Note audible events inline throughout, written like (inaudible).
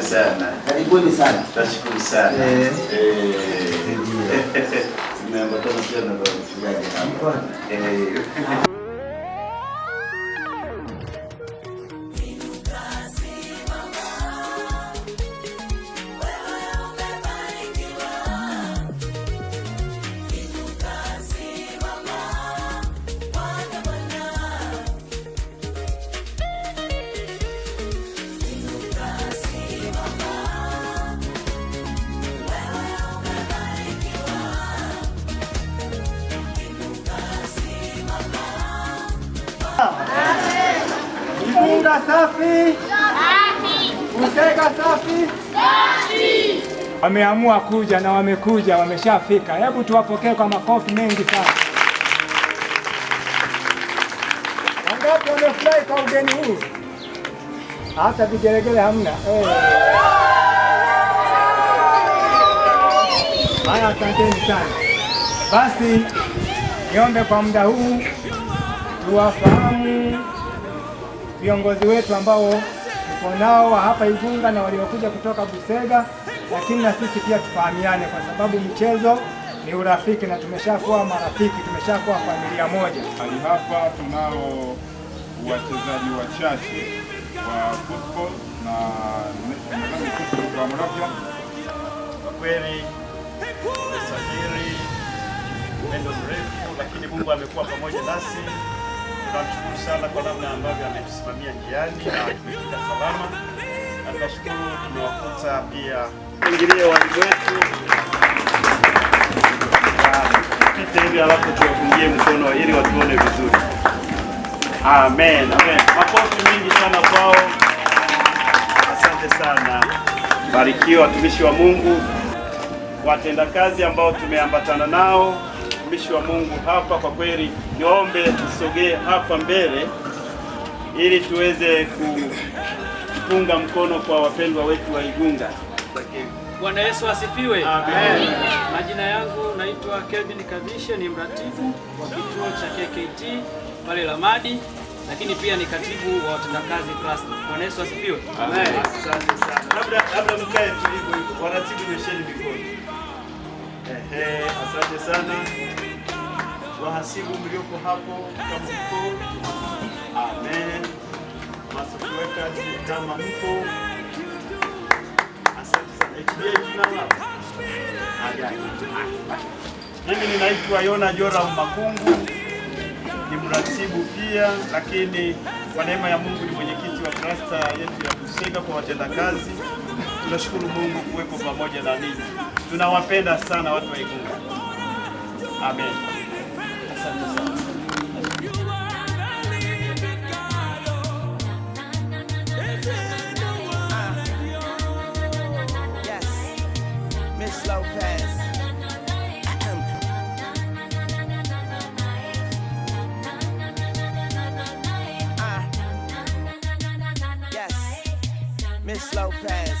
Asante sana, karibuni sana, tashukuru sana. Eh. Eh. (laughs) Tumeambatana pia na wafugaji hapa. (laughs) Iringa safi, Usega safi. Wameamua kuja na wamekuja, wameshafika. Hebu tuwapokee kwa makofi mengi sana. Wangapi wamefurahi kwa ugeni huu? Hata vigelegele hamna. Eh. Haya, asanteni sana. Basi niombe kwa muda huu tuwafahamu viongozi wetu ambao tuko nao hapa Igunga na waliokuja kutoka Busega, lakini na sisi pia tufahamiane, kwa sababu michezo ni urafiki na tumeshakuwa marafiki, tumeshakuwa familia moja. Hali hapa tunao wachezaji wachache wa football na kwa Kwa kweli tumesafiri mwendo mrefu, lakini Mungu amekuwa pamoja nasi tunamshukuru sana kwa namna ambavyo ametusimamia njiani na tumefika salama, na tunashukuru tumewakuta pia ingilio walimu wetu pita hivi, alafu tuwafungie mkono ili watuone vizuri. Amen, amen. Makofi mingi sana kwao, asante sana. Barikiwa watumishi wa Mungu, watendakazi ambao tumeambatana nao watumishi wa Mungu hapa, kwa kweli niombe tusogee hapa mbele ili tuweze kupunga mkono kwa wapendwa wetu wa Igunga. Bwana Yesu asifiwe. Amen. Majina yangu naitwa Kelvin Kavishe, ni mratibu wa kituo cha KKT pale Lamadi, lakini pia ni katibu wa watendakazi cluster. Bwana Yesu asifiwe. Amen. Asante sana. Labda labda mkae tulivu, waratibu nyesheni mikono. Hey, eh, asante sana wahasibu mlioko hapo kama mko amen, masukuwekaji kama mko, asante sana. Mimi ninaitwa Yona Joram Makungu, ni mratibu pia, lakini kwa neema ya Mungu ni mwenyekiti wa trasta yetu ya Busega kwa watendakazi. Tunashukuru Mungu kuwepo pamoja na ninyi. tunawapenda sana watu wa Igunga. Amen. Miss Lopez.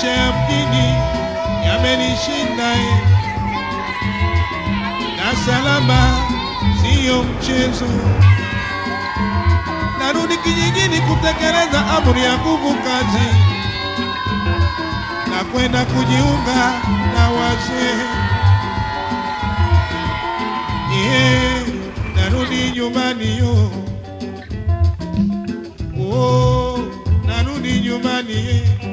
maisha ya mjini yamenishinda, na salama siyo mchezo. Narudi kijijini kutekeleza amri ya nguvu kazi na kwenda kujiunga na wazee. Yeah, narudi nyumbani yo oh, narudi nyumbani yeah.